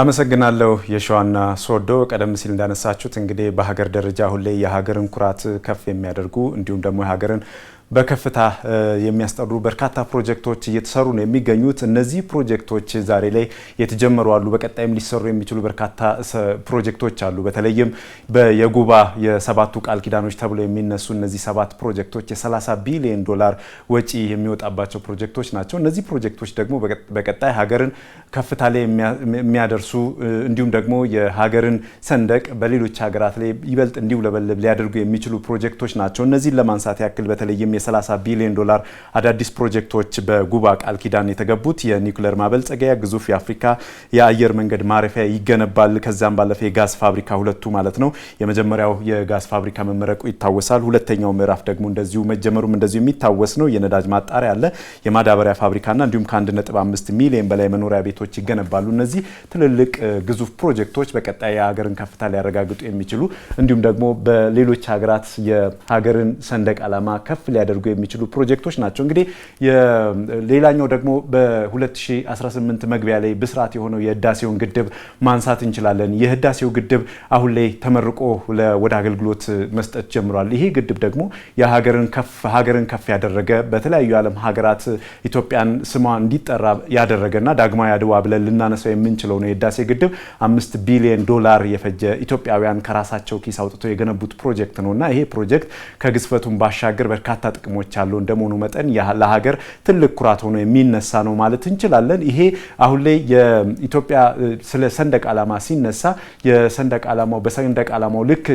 አመሰግናለሁ የሸዋና ሶዶ። ቀደም ሲል እንዳነሳችሁት እንግዲህ በሀገር ደረጃ አሁን ላይ የሀገርን ኩራት ከፍ የሚያደርጉ እንዲሁም ደግሞ የሀገርን በከፍታ የሚያስጠሩ በርካታ ፕሮጀክቶች እየተሰሩ ነው የሚገኙት። እነዚህ ፕሮጀክቶች ዛሬ ላይ የተጀመሩ አሉ፣ በቀጣይም ሊሰሩ የሚችሉ በርካታ ፕሮጀክቶች አሉ። በተለይም የጉባ የሰባቱ ቃል ኪዳኖች ተብለው የሚነሱ እነዚህ ሰባት ፕሮጀክቶች የ30 ቢሊዮን ዶላር ወጪ የሚወጣባቸው ፕሮጀክቶች ናቸው። እነዚህ ፕሮጀክቶች ደግሞ በቀጣይ ሀገርን ከፍታ ላይ የሚያደርሱ እንዲሁም ደግሞ የሀገርን ሰንደቅ በሌሎች ሀገራት ላይ ይበልጥ እንዲውለበለብ ሊያደርጉ የሚችሉ ፕሮጀክቶች ናቸው። እነዚህን ለማንሳት ያክል በተለይም የ30 ቢሊዮን ዶላር አዳዲስ ፕሮጀክቶች በጉባ ቃል ኪዳን የተገቡት የኒውክሌር ማበልጸጊያ፣ ግዙፍ የአፍሪካ የአየር መንገድ ማረፊያ ይገነባል። ከዛም ባለፈ የጋዝ ፋብሪካ ሁለቱ ማለት ነው። የመጀመሪያው የጋዝ ፋብሪካ መመረቁ ይታወሳል። ሁለተኛው ምዕራፍ ደግሞ እንደዚሁ መጀመሩም እንደዚሁ የሚታወስ ነው። የነዳጅ ማጣሪያ አለ፣ የማዳበሪያ ፋብሪካና እንዲሁም ከ1.5 ሚሊዮን በላይ መኖሪያ ቤቶች ይገነባሉ። እነዚህ ትልልቅ ግዙፍ ፕሮጀክቶች በቀጣይ የሀገርን ከፍታ ሊያረጋግጡ የሚችሉ እንዲሁም ደግሞ በሌሎች ሀገራት የሀገርን ሰንደቅ ዓላማ ከፍ ሊያ ሊያደርጉ የሚችሉ ፕሮጀክቶች ናቸው። እንግዲህ ሌላኛው ደግሞ በ2018 መግቢያ ላይ ብስራት የሆነው የህዳሴውን ግድብ ማንሳት እንችላለን። የህዳሴው ግድብ አሁን ላይ ተመርቆ ወደ አገልግሎት መስጠት ጀምሯል። ይሄ ግድብ ደግሞ ሀገርን ከፍ ያደረገ በተለያዩ የዓለም ሀገራት ኢትዮጵያን ስሟ እንዲጠራ ያደረገና ዳግማዊ አድዋ ብለን ልናነሳው የምንችለው ነው። የህዳሴ ግድብ አምስት ቢሊዮን ዶላር የፈጀ ኢትዮጵያውያን ከራሳቸው ኪስ አውጥቶ የገነቡት ፕሮጀክት ነው እና ይሄ ፕሮጀክት ከግዝፈቱን ባሻገር በርካታ ጥቅሞች አሉ። እንደመሆኑ መጠን ለሀገር ትልቅ ኩራት ሆኖ የሚነሳ ነው ማለት እንችላለን። ይሄ አሁን ላይ የኢትዮጵያ ስለ ሰንደቅ ዓላማ ሲነሳ የሰንደቅ ዓላማው በሰንደቅ ዓላማው ልክ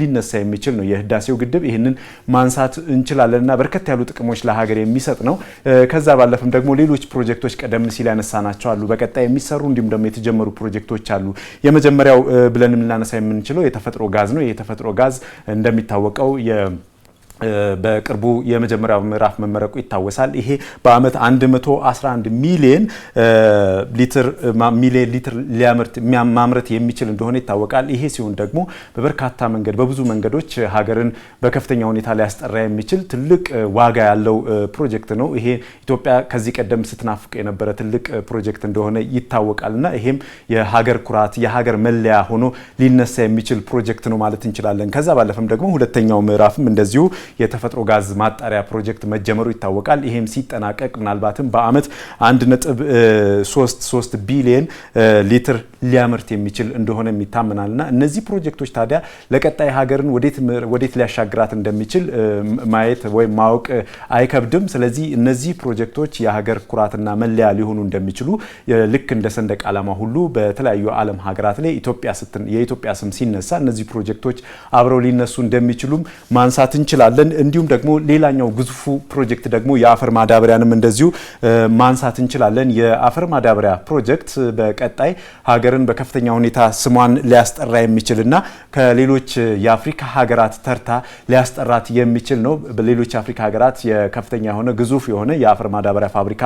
ሊነሳ የሚችል ነው የህዳሴው ግድብ። ይህንን ማንሳት እንችላለን እና በርከት ያሉ ጥቅሞች ለሀገር የሚሰጥ ነው። ከዛ ባለፈም ደግሞ ሌሎች ፕሮጀክቶች ቀደም ሲል ያነሳናቸው አሉ፣ በቀጣይ የሚሰሩ እንዲሁም ደግሞ የተጀመሩ ፕሮጀክቶች አሉ። የመጀመሪያው ብለንም ልናነሳ የምንችለው የተፈጥሮ ጋዝ ነው። የተፈጥሮ ጋዝ እንደሚታወቀው በቅርቡ የመጀመሪያ ምዕራፍ መመረቁ ይታወሳል። ይሄ በአመት 111 ሚሊየን ሊትር ሚሊየን ሊትር ሊያመርት ማምረት የሚችል እንደሆነ ይታወቃል። ይሄ ሲሆን ደግሞ በበርካታ መንገድ በብዙ መንገዶች ሀገርን በከፍተኛ ሁኔታ ሊያስጠራ የሚችል ትልቅ ዋጋ ያለው ፕሮጀክት ነው። ይሄ ኢትዮጵያ ከዚህ ቀደም ስትናፍቅ የነበረ ትልቅ ፕሮጀክት እንደሆነ ይታወቃልና ይሄም የሀገር ኩራት የሀገር መለያ ሆኖ ሊነሳ የሚችል ፕሮጀክት ነው ማለት እንችላለን። ከዛ ባለፈም ደግሞ ሁለተኛው ምዕራፍም እንደዚሁ የተፈጥሮ ጋዝ ማጣሪያ ፕሮጀክት መጀመሩ ይታወቃል። ይሄም ሲጠናቀቅ ምናልባትም በአመት 1.33 ቢሊየን ሊትር ሊያመርት የሚችል እንደሆነ ይታመናል። እና እነዚህ ፕሮጀክቶች ታዲያ ለቀጣይ ሀገርን ወዴት ሊያሻግራት እንደሚችል ማየት ወይም ማወቅ አይከብድም። ስለዚህ እነዚህ ፕሮጀክቶች የሀገር ኩራትና መለያ ሊሆኑ እንደሚችሉ ልክ እንደ ሰንደቅ ዓላማ ሁሉ በተለያዩ ዓለም ሀገራት ላይ የኢትዮጵያ ስም ሲነሳ እነዚህ ፕሮጀክቶች አብረው ሊነሱ እንደሚችሉም ማንሳት እንችላለን። እንችላለን። እንዲሁም ደግሞ ሌላኛው ግዙፉ ፕሮጀክት ደግሞ የአፈር ማዳበሪያንም እንደዚሁ ማንሳት እንችላለን። የአፈር ማዳበሪያ ፕሮጀክት በቀጣይ ሀገርን በከፍተኛ ሁኔታ ስሟን ሊያስጠራ እና ከሌሎች የአፍሪካ ሀገራት ተርታ ሊያስጠራት የሚችል ነው። በሌሎች የአፍሪካ ሀገራት የከፍተኛ የሆነ ግዙፍ የሆነ የአፈር ማዳበሪያ ፋብሪካ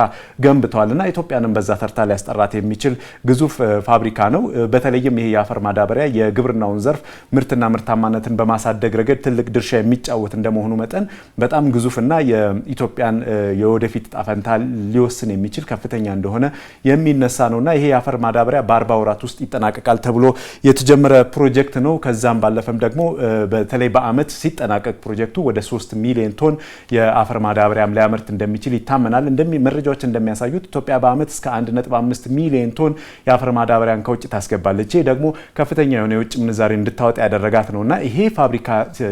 ገንብተዋልና ኢትዮጵያንም በዛ ተርታ ሊያስጠራት የሚችል ግዙፍ ፋብሪካ ነው። በተለይም ይሄ የአፈር ማዳበሪያ የግብርናውን ዘርፍ ምርትና ምርታማነትን በማሳደግ ረገድ ትልቅ ድርሻ የሚጫወት እንደመሆ እንደመሆኑ መጠን በጣም ግዙፍና የኢትዮጵያን የወደፊት ጣፈንታ ሊወስን የሚችል ከፍተኛ እንደሆነ የሚነሳ ነውና ይሄ የአፈር ማዳበሪያ በአርባ ወራት ውስጥ ይጠናቀቃል ተብሎ የተጀመረ ፕሮጀክት ነው። ከዛም ባለፈም ደግሞ በተለይ በዓመት ሲጠናቀቅ ፕሮጀክቱ ወደ ሶስት ሚሊዮን ቶን የአፈር ማዳበሪያም ሊያመርት እንደሚችል ይታመናል። መረጃዎች እንደሚያሳዩት ኢትዮጵያ በዓመት እስከ 1.5 ሚሊዮን ቶን የአፈር ማዳበሪያን ከውጭ ታስገባለች። ይህ ደግሞ ከፍተኛ የሆነ የውጭ ምንዛሬ እንድታወጣ ያደረጋት ነውና ይሄ ፋብሪካ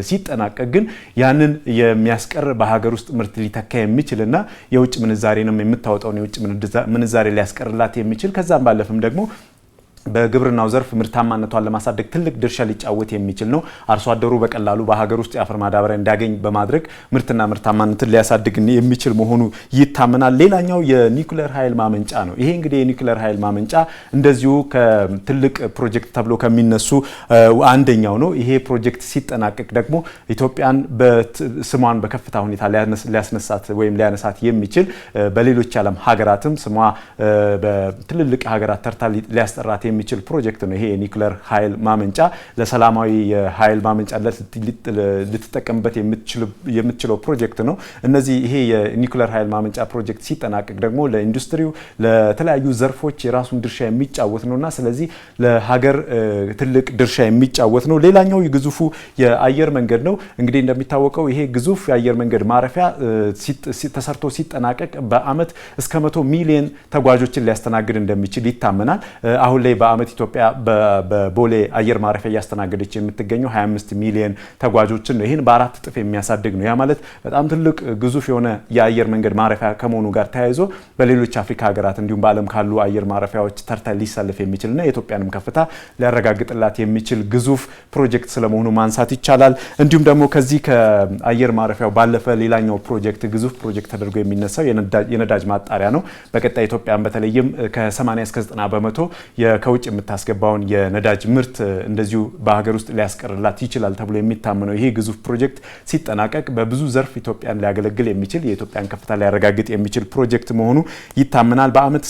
ሲጠናቀቅ ግን ያን ያንን የሚያስቀር በሀገር ውስጥ ምርት ሊተካ የሚችልና የውጭ ነው የምታወጣውን የውጭ ምንዛሬ ሊያስቀርላት የሚችል ከዛም ባለፍም ደግሞ በግብርናው ዘርፍ ምርታማነቷን ለማሳደግ ትልቅ ድርሻ ሊጫወት የሚችል ነው። አርሶ አደሩ በቀላሉ በሀገር ውስጥ የአፈር ማዳበሪያ እንዲያገኝ በማድረግ ምርትና ምርታማነትን ሊያሳድግ የሚችል መሆኑ ይታመናል። ሌላኛው የኒውክሌር ኃይል ማመንጫ ነው። ይሄ እንግዲህ የኒውክሌር ኃይል ማመንጫ እንደዚሁ ከትልቅ ፕሮጀክት ተብሎ ከሚነሱ አንደኛው ነው። ይሄ ፕሮጀክት ሲጠናቀቅ ደግሞ ኢትዮጵያን ስሟን በከፍታ ሁኔታ ሊያስነሳት ወይም ሊያነሳት የሚችል በሌሎች አለም ሀገራትም ስሟ በትልልቅ ሀገራት ተርታ ሊያስጠራት የሚችል ፕሮጀክት ነው። ይሄ የኒውክለር ኃይል ማመንጫ ለሰላማዊ የኃይል ማመንጫ ልትጠቀምበት የምትችለው ፕሮጀክት ነው። እነዚህ ይሄ የኒክለር ኃይል ማመንጫ ፕሮጀክት ሲጠናቀቅ ደግሞ ለኢንዱስትሪው ለተለያዩ ዘርፎች የራሱን ድርሻ የሚጫወት ነውና ስለዚህ ለሀገር ትልቅ ድርሻ የሚጫወት ነው። ሌላኛው ግዙፉ የአየር መንገድ ነው። እንግዲህ እንደሚታወቀው ይሄ ግዙፍ የአየር መንገድ ማረፊያ ተሰርቶ ሲጠናቀቅ በአመት እስከ መቶ ሚሊዮን ተጓዦችን ሊያስተናግድ እንደሚችል ይታመናል። አሁን ላይ በዓመት ኢትዮጵያ በቦሌ አየር ማረፊያ እያስተናገደች የምትገኘው 25 ሚሊዮን ተጓዦችን ነው። ይህን በአራት እጥፍ የሚያሳድግ ነው። ያ ማለት በጣም ትልቅ ግዙፍ የሆነ የአየር መንገድ ማረፊያ ከመሆኑ ጋር ተያይዞ በሌሎች አፍሪካ ሀገራት እንዲሁም በዓለም ካሉ አየር ማረፊያዎች ተርታ ሊሰልፍ የሚችልና የኢትዮጵያንም ከፍታ ሊያረጋግጥላት የሚችል ግዙፍ ፕሮጀክት ስለመሆኑ ማንሳት ይቻላል። እንዲሁም ደግሞ ከዚህ ከአየር ማረፊያው ባለፈ ሌላኛው ፕሮጀክት ግዙፍ ፕሮጀክት ተደርጎ የሚነሳው የነዳጅ ማጣሪያ ነው። በቀጣይ ኢትዮጵያን በተለይም ከ80 እስከ 90 በመቶ ከውጭ የምታስገባውን የነዳጅ ምርት እንደዚሁ በሀገር ውስጥ ሊያስቀርላት ይችላል ተብሎ የሚታመነው ይሄ ግዙፍ ፕሮጀክት ሲጠናቀቅ በብዙ ዘርፍ ኢትዮጵያን ሊያገለግል የሚችል የኢትዮጵያን ከፍታ ሊያረጋግጥ የሚችል ፕሮጀክት መሆኑ ይታመናል። በዓመት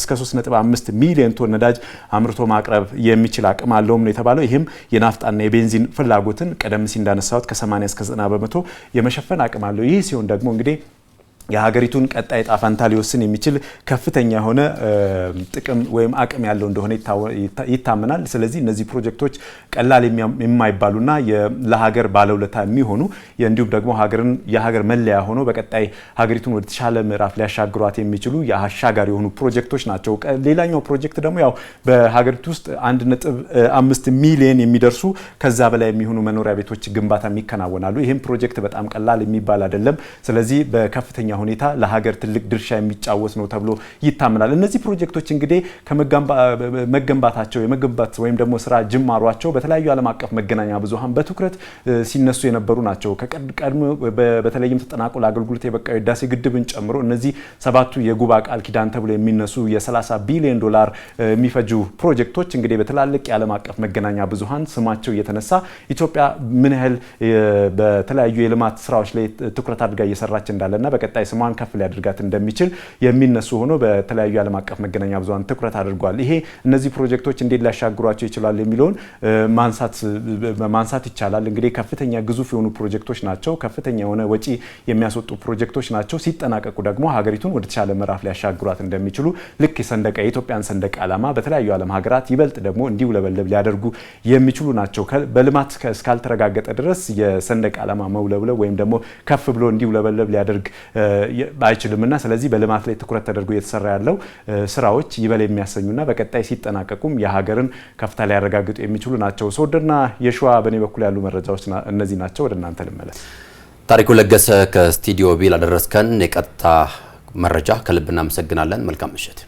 እስከ 3.5 ሚሊዮን ቶን ነዳጅ አምርቶ ማቅረብ የሚችል አቅም አለውም ነው የተባለው። ይህም የናፍጣና የቤንዚን ፍላጎትን ቀደም ሲል እንዳነሳሁት ከ80 እስከ 90 በመቶ የመሸፈን አቅም አለው። ይህ ሲሆን ደግሞ እንግዲህ የሀገሪቱን ቀጣይ ዕጣ ፈንታ ሊወስን የሚችል ከፍተኛ የሆነ ጥቅም ወይም አቅም ያለው እንደሆነ ይታመናል። ስለዚህ እነዚህ ፕሮጀክቶች ቀላል የማይባሉና ለሀገር ባለውለታ የሚሆኑ እንዲሁም ደግሞ ሀገርን የሀገር መለያ ሆኖ በቀጣይ ሀገሪቱን ወደ ተሻለ ምዕራፍ ሊያሻግሯት የሚችሉ የአሻጋሪ የሆኑ ፕሮጀክቶች ናቸው። ሌላኛው ፕሮጀክት ደግሞ ያው በሀገሪቱ ውስጥ አንድ ነጥብ አምስት ሚሊየን የሚደርሱ ከዛ በላይ የሚሆኑ መኖሪያ ቤቶች ግንባታ ይከናወናሉ። ይህም ፕሮጀክት በጣም ቀላል የሚባል አይደለም። ስለዚህ በከፍተኛ ሁኔታ ለሀገር ትልቅ ድርሻ የሚጫወት ነው ተብሎ ይታመናል። እነዚህ ፕሮጀክቶች እንግዲህ ከመገንባታቸው የመገንባት ወይም ደግሞ ስራ ጅማሯቸው በተለያዩ ዓለም አቀፍ መገናኛ ብዙሀን በትኩረት ሲነሱ የነበሩ ናቸው። ከቀድሞ በተለይም ተጠናቆ ለአገልግሎት የበቃው ህዳሴ ግድብን ጨምሮ እነዚህ ሰባቱ የጉባ ቃል ኪዳን ተብሎ የሚነሱ የ30 ቢሊዮን ዶላር የሚፈጁ ፕሮጀክቶች እንግዲህ በትላልቅ የዓለም አቀፍ መገናኛ ብዙሀን ስማቸው እየተነሳ ኢትዮጵያ ምን ያህል በተለያዩ የልማት ስራዎች ላይ ትኩረት አድርጋ እየሰራች እንዳለና በቀጣይ ስሟን ከፍ ሊያደርጋት እንደሚችል የሚነሱ ሆኖ በተለያዩ ዓለም አቀፍ መገናኛ ብዙሃን ትኩረት አድርጓል። ይሄ እነዚህ ፕሮጀክቶች እንዴት ሊያሻግሯቸው ይችላሉ የሚለውን ማንሳት ይቻላል። እንግዲህ ከፍተኛ ግዙፍ የሆኑ ፕሮጀክቶች ናቸው። ከፍተኛ የሆነ ወጪ የሚያስወጡ ፕሮጀክቶች ናቸው። ሲጠናቀቁ ደግሞ ሀገሪቱን ወደተሻለ ምዕራፍ ሊያሻግሯት እንደሚችሉ ልክ ሰንደቀ የኢትዮጵያን ሰንደቅ ዓላማ በተለያዩ ዓለም ሀገራት ይበልጥ ደግሞ እንዲውለበለብ ሊያደርጉ የሚችሉ ናቸው። በልማት እስካልተረጋገጠ ድረስ የሰንደቅ ዓላማ መውለብለብ ወይም ደግሞ ከፍ ብሎ እንዲውለበለብ ሊያደርግ አይችልምና ስለዚህ በልማት ላይ ትኩረት ተደርጎ እየተሰራ ያለው ስራዎች ይበል የሚያሰኙና በቀጣይ ሲጠናቀቁም የሀገርን ከፍታ ሊያረጋግጡ የሚችሉ ናቸው። ሰወደና የሸዋ በእኔ በኩል ያሉ መረጃዎች እነዚህ ናቸው። ወደ እናንተ ልመለስ። ታሪኩ ለገሰ ከስቱዲዮ ቢል አደረስከን የቀጥታ መረጃ ከልብ እናመሰግናለን። መልካም ምሽት።